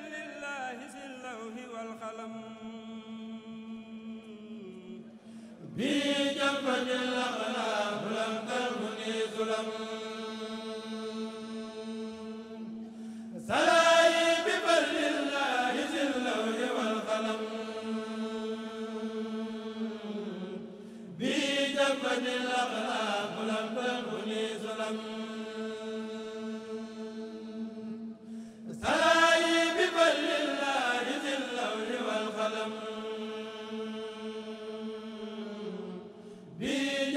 لله في اللوح والقلم بجفن الأرض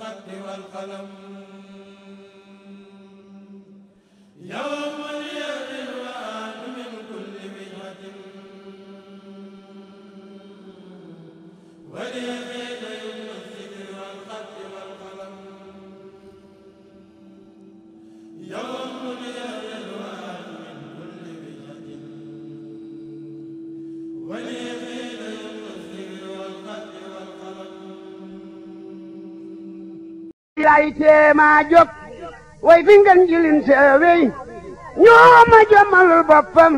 والقد والقلم يوم اليد الوان من كل وجهة ولي lay tee maa jóg way fi ngeen jilin seewey ñoo ma jommalul boppam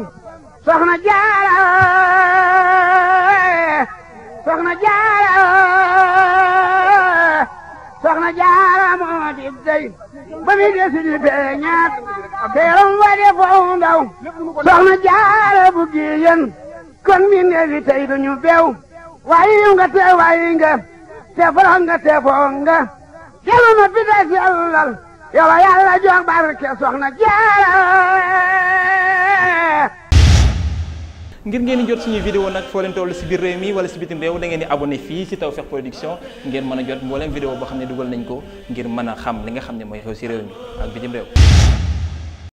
soxna jaara soxna jaara soxna jaara moo di dey ba mi desi di feeñaat teeram wa de foow ndaw soxna jaara bu giyen kon mi neefi tey duñu bew waayi nga te waayi te farax nga te foo nga xeluma bi de sellal yow a yàlla jox barke soxna jaara ngir ngeen jot suñuy vidéo nag foo leen toll si biir réew mi wala si bitim réew dangeen di abonné fii si Tawfekh Production ngeen mën a jot mbooleem vidéo boo xam ne dugal nañ ko ngir mën a xam li nga xam ne mooy xew si réew mi ak bitim réew